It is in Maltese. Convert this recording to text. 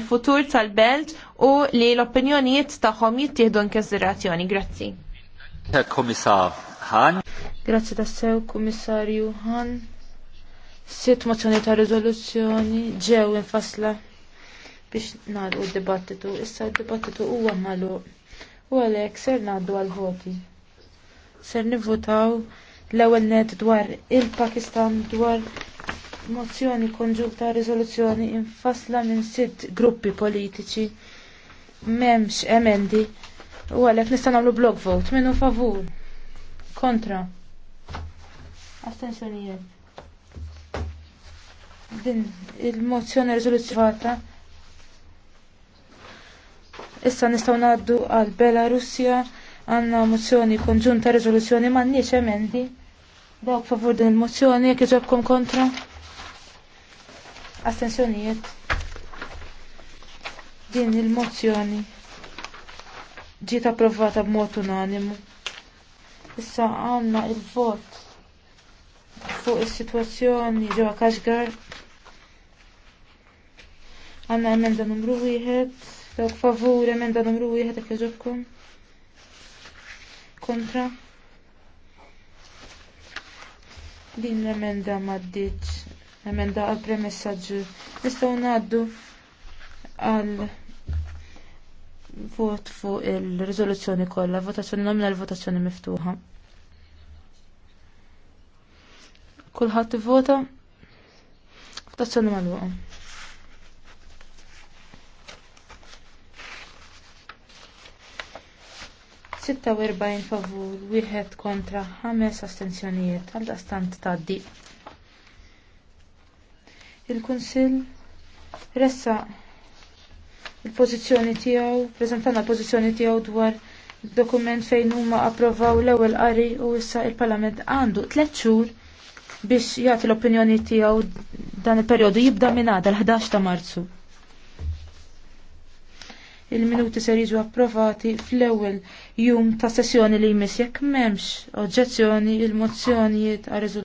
il-futur tal-belt u li l-opinjonijiet tagħhom jittieħdu konsiderazzjoni. Grazzi. Komissar Han. Grazzi tassew, Kummissarju Han. Sitt mozzjoni ta' riżoluzzjoni ġew infasla biex nagħlqu d-dibattitu. Issa d-dibattitu huwa magħluq. U għalhekk ser ngħaddu għal voti. Ser nivvotaw l-ewwel net dwar il-Pakistan dwar mozzjoni konġunta riżoluzzjoni infasla minn sitt gruppi politiċi m'hemmx emendi u għalhekk nista' nagħmlu blog vote minnu favur kontra astensjonijiet din il-mozzjoni riżoluzzjoni Issa nistgħu ngħaddu għal Belarusja għandna mozzjoni konġunta riżoluzzjoni m'għandniex emendi. Dawk favur din il-mozzjoni, jekk iġobkom kontra? attenzjonijiet din il-mozzjoni ġiet approvata b'mod unanimu. Issa għandna il-vot fuq is-sitwazzjoni ġewwa Kaxgar. Għandna emenda numru wieħed, dawk favur emenda numru wieħed jekk jogħġobkom. Kontra. Din l-emenda ma' emenda għal premessa ġu. Nistgħu ngħaddu għal vot fuq il-riżoluzzjoni kollha, votazzjoni l votazzjoni miftuħa. Kulħadd ivvota? Votazzjoni magħluqa. Sitta u favur, wieħed kontra ħames astenzjonijiet għal dastant tgħaddi. Il-Kunsill ressa il-pożizzjoni tiegħu, preżentana l-pożizzjoni tiegħu dwar dokument fejn huma approvaw l-ewwel qari u issa il-Parlament għandu tliet xhur biex jagħti l-opinjoni tiegħu dan il-perjodu jibda minn għada l-11 ta' Marzu. Il-minuti ser jiġu approvati fl-ewwel jum ta' sessjoni li jmiss jekk m'hemmx oġġezzjoni il-mozzjonijiet għal